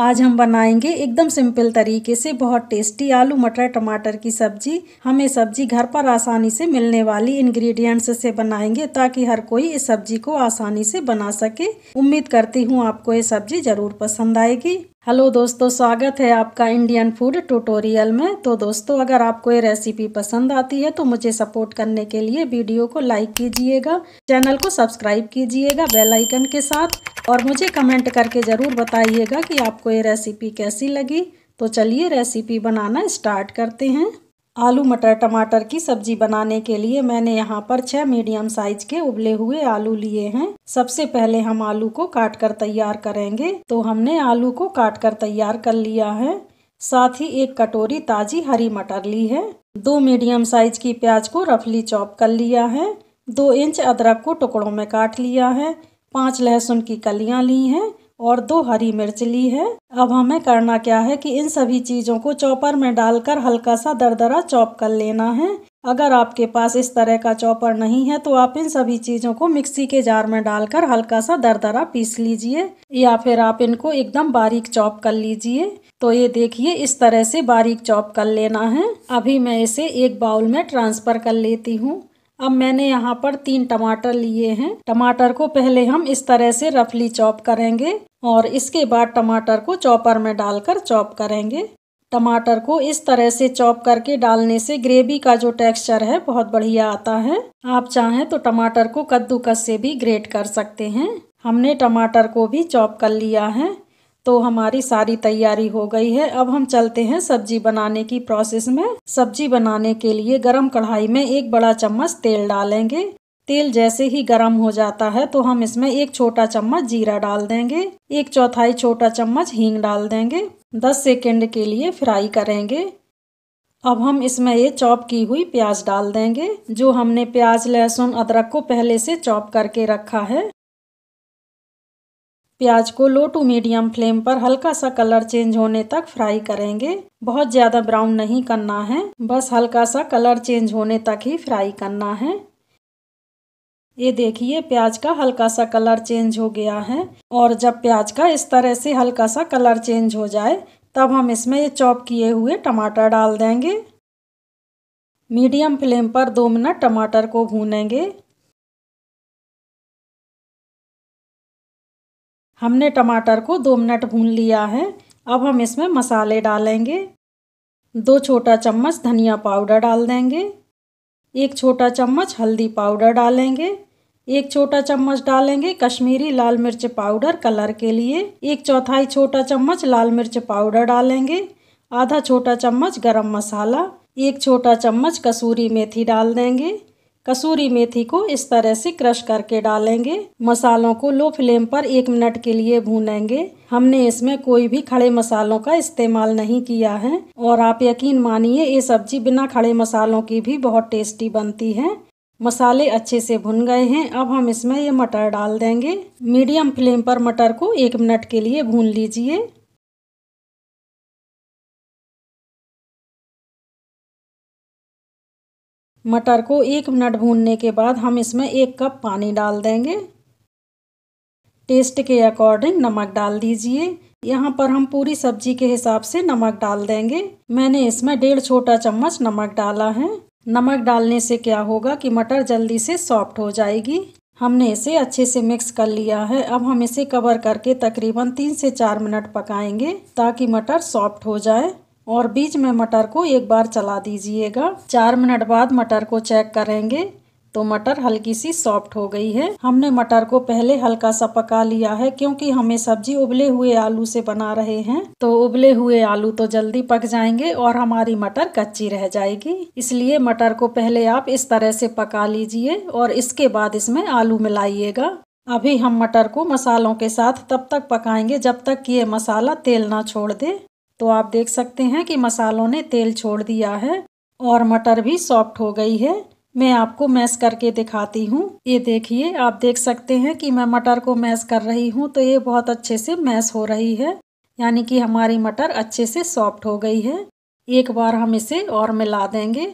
आज हम बनाएंगे एकदम सिंपल तरीके से बहुत टेस्टी आलू मटर टमाटर की सब्जी हम ये सब्जी घर पर आसानी से मिलने वाली इंग्रेडिएंट्स से बनाएंगे ताकि हर कोई इस सब्जी को आसानी से बना सके उम्मीद करती हूँ आपको ये सब्जी ज़रूर पसंद आएगी हेलो दोस्तों स्वागत है आपका इंडियन फूड ट्यूटोरियल में तो दोस्तों अगर आपको ये रेसिपी पसंद आती है तो मुझे सपोर्ट करने के लिए वीडियो को लाइक कीजिएगा चैनल को सब्सक्राइब कीजिएगा बेल आइकन के साथ और मुझे कमेंट करके ज़रूर बताइएगा कि आपको ये रेसिपी कैसी लगी तो चलिए रेसिपी बनाना स्टार्ट करते हैं आलू मटर टमाटर की सब्जी बनाने के लिए मैंने यहाँ पर छह मीडियम साइज के उबले हुए आलू लिए हैं सबसे पहले हम आलू को काट कर तैयार करेंगे तो हमने आलू को काट कर तैयार कर लिया है साथ ही एक कटोरी ताज़ी हरी मटर ली है दो मीडियम साइज की प्याज को रफली चॉप कर लिया है दो इंच अदरक को टुकड़ों में काट लिया है पाँच लहसुन की कलियाँ ली हैं और दो हरी मिर्च ली है अब हमें करना क्या है कि इन सभी चीज़ों को चॉपर में डालकर हल्का सा दरदरा चॉप कर लेना है अगर आपके पास इस तरह का चॉपर नहीं है तो आप इन सभी चीज़ों को मिक्सी के जार में डालकर हल्का सा दरदरा पीस लीजिए या फिर आप इनको एकदम बारीक चॉप कर लीजिए तो ये देखिए इस तरह से बारीक चॉप कर लेना है अभी मैं इसे एक बाउल में ट्रांसफ़र कर लेती हूँ अब मैंने यहाँ पर तीन टमाटर लिए हैं टमाटर को पहले हम इस तरह से रफली चॉप करेंगे और इसके बाद टमाटर को चॉपर में डालकर चॉप करेंगे टमाटर को इस तरह से चॉप करके डालने से ग्रेवी का जो टेक्सचर है बहुत बढ़िया आता है आप चाहें तो टमाटर को कद्दूकस से भी ग्रेट कर सकते हैं हमने टमाटर को भी चॉप कर लिया है तो हमारी सारी तैयारी हो गई है अब हम चलते हैं सब्जी बनाने की प्रोसेस में सब्जी बनाने के लिए गरम कढ़ाई में एक बड़ा चम्मच तेल डालेंगे तेल जैसे ही गर्म हो जाता है तो हम इसमें एक छोटा चम्मच जीरा डाल देंगे एक चौथाई छोटा चम्मच हींग डाल देंगे दस सेकेंड के लिए फ्राई करेंगे अब हम इसमें ये चॉप की हुई प्याज डाल देंगे जो हमने प्याज लहसुन अदरक को पहले से चॉप करके रखा है प्याज को लो टू मीडियम फ्लेम पर हल्का सा कलर चेंज होने तक फ्राई करेंगे बहुत ज़्यादा ब्राउन नहीं करना है बस हल्का सा कलर चेंज होने तक ही फ्राई करना है ये देखिए प्याज का हल्का सा कलर चेंज हो गया है और जब प्याज का इस तरह से हल्का सा कलर चेंज हो जाए तब हम इसमें ये चॉप किए हुए टमाटर डाल देंगे मीडियम फ्लेम पर दो मिनट टमाटर को भूनेंगे हमने टमाटर को दो मिनट भून लिया है अब हम इसमें मसाले डालेंगे दो छोटा चम्मच धनिया पाउडर डाल देंगे एक छोटा चम्मच हल्दी पाउडर डालेंगे एक छोटा चम्मच डालेंगे कश्मीरी लाल मिर्च पाउडर कलर के लिए एक चौथाई छोटा चम्मच लाल मिर्च पाउडर डालेंगे आधा छोटा चम्मच गरम मसाला एक छोटा चम्मच कसूरी मेथी डाल देंगे कसूरी मेथी को इस तरह से क्रश करके डालेंगे मसालों को लो फ्लेम पर एक मिनट के लिए भूनेंगे हमने इसमें कोई भी खड़े मसालों का इस्तेमाल नहीं किया है और आप यकीन मानिए ये सब्जी बिना खड़े मसालों की भी बहुत टेस्टी बनती है मसाले अच्छे से भुन गए हैं अब हम इसमें ये मटर डाल देंगे मीडियम फ्लेम पर मटर को एक मिनट के लिए भून लीजिए मटर को एक मिनट भूनने के बाद हम इसमें एक कप पानी डाल देंगे टेस्ट के अकॉर्डिंग नमक डाल दीजिए यहाँ पर हम पूरी सब्जी के हिसाब से नमक डाल देंगे मैंने इसमें डेढ़ छोटा चम्मच नमक डाला है नमक डालने से क्या होगा कि मटर जल्दी से सॉफ्ट हो जाएगी हमने इसे अच्छे से मिक्स कर लिया है अब हम इसे कवर करके तकरीबन तीन से चार मिनट पकाएंगे ताकि मटर सॉफ्ट हो जाए और बीच में मटर को एक बार चला दीजिएगा चार मिनट बाद मटर को चेक करेंगे तो मटर हल्की सी सॉफ्ट हो गई है हमने मटर को पहले हल्का सा पका लिया है क्योंकि हमें सब्जी उबले हुए आलू से बना रहे हैं तो उबले हुए आलू तो जल्दी पक जाएंगे और हमारी मटर कच्ची रह जाएगी इसलिए मटर को पहले आप इस तरह से पका लीजिए और इसके बाद इसमें आलू मिलाइएगा अभी हम मटर को मसालों के साथ तब तक पकाएंगे जब तक कि ये मसाला तेल ना छोड़ दे तो आप देख सकते हैं कि मसालों ने तेल छोड़ दिया है और मटर भी सॉफ्ट हो गई है मैं आपको मैश करके दिखाती हूँ ये देखिए आप देख सकते हैं कि मैं मटर को मैश कर रही हूँ तो ये बहुत अच्छे से मैश हो रही है यानी कि हमारी मटर अच्छे से सॉफ्ट हो गई है एक बार हम इसे और मिला देंगे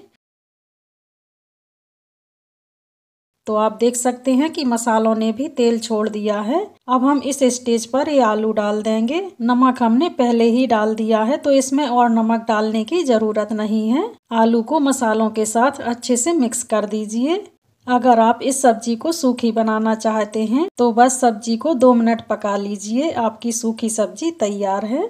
तो आप देख सकते हैं कि मसालों ने भी तेल छोड़ दिया है अब हम इस स्टेज पर ये आलू डाल देंगे नमक हमने पहले ही डाल दिया है तो इसमें और नमक डालने की ज़रूरत नहीं है आलू को मसालों के साथ अच्छे से मिक्स कर दीजिए अगर आप इस सब्जी को सूखी बनाना चाहते हैं तो बस सब्जी को दो मिनट पका लीजिए आपकी सूखी सब्जी तैयार है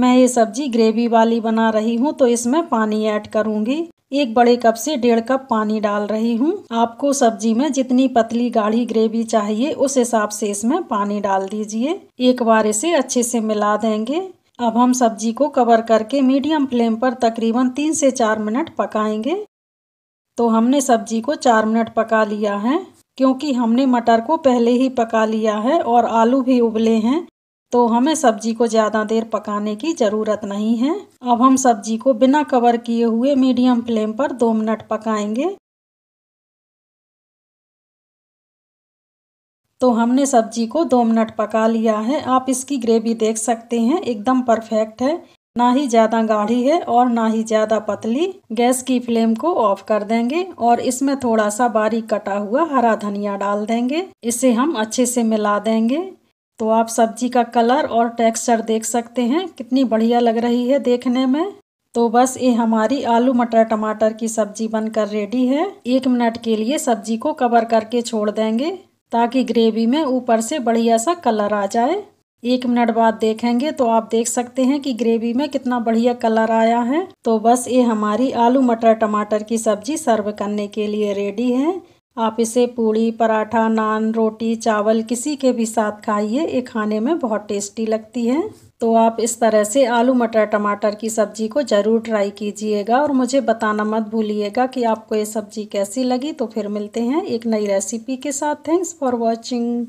मैं ये सब्जी ग्रेवी वाली बना रही हूँ तो इसमें पानी ऐड करूँगी एक बड़े कप से डेढ़ कप पानी डाल रही हूँ आपको सब्जी में जितनी पतली गाढ़ी ग्रेवी चाहिए उस हिसाब से इसमें पानी डाल दीजिए एक बार इसे अच्छे से मिला देंगे अब हम सब्जी को कवर करके मीडियम फ्लेम पर तकरीबन तीन से चार मिनट पकाएंगे तो हमने सब्जी को चार मिनट पका लिया है क्योंकि हमने मटर को पहले ही पका लिया है और आलू भी उबले हैं तो हमें सब्जी को ज़्यादा देर पकाने की ज़रूरत नहीं है अब हम सब्जी को बिना कवर किए हुए मीडियम फ्लेम पर दो मिनट पकाएंगे तो हमने सब्जी को दो मिनट पका लिया है आप इसकी ग्रेवी देख सकते हैं एकदम परफेक्ट है ना ही ज़्यादा गाढ़ी है और ना ही ज़्यादा पतली गैस की फ्लेम को ऑफ कर देंगे और इसमें थोड़ा सा बारीक कटा हुआ हरा धनिया डाल देंगे इसे हम अच्छे से मिला देंगे तो आप सब्जी का कलर और टेक्सचर देख सकते हैं कितनी बढ़िया लग रही है देखने में तो बस ये हमारी आलू मटर टमाटर की सब्जी बनकर रेडी है एक मिनट के लिए सब्जी को कवर करके छोड़ देंगे ताकि ग्रेवी में ऊपर से बढ़िया सा कलर आ जाए एक मिनट बाद देखेंगे तो आप देख सकते हैं कि ग्रेवी में कितना बढ़िया कलर आया है तो बस ये हमारी आलू मटर टमाटर की सब्जी सर्व करने के लिए रेडी है आप इसे पूड़ी पराठा नान रोटी चावल किसी के भी साथ खाइए ये खाने में बहुत टेस्टी लगती है तो आप इस तरह से आलू मटर टमाटर की सब्ज़ी को ज़रूर ट्राई कीजिएगा और मुझे बताना मत भूलिएगा कि आपको ये सब्ज़ी कैसी लगी तो फिर मिलते हैं एक नई रेसिपी के साथ थैंक्स फॉर वॉचिंग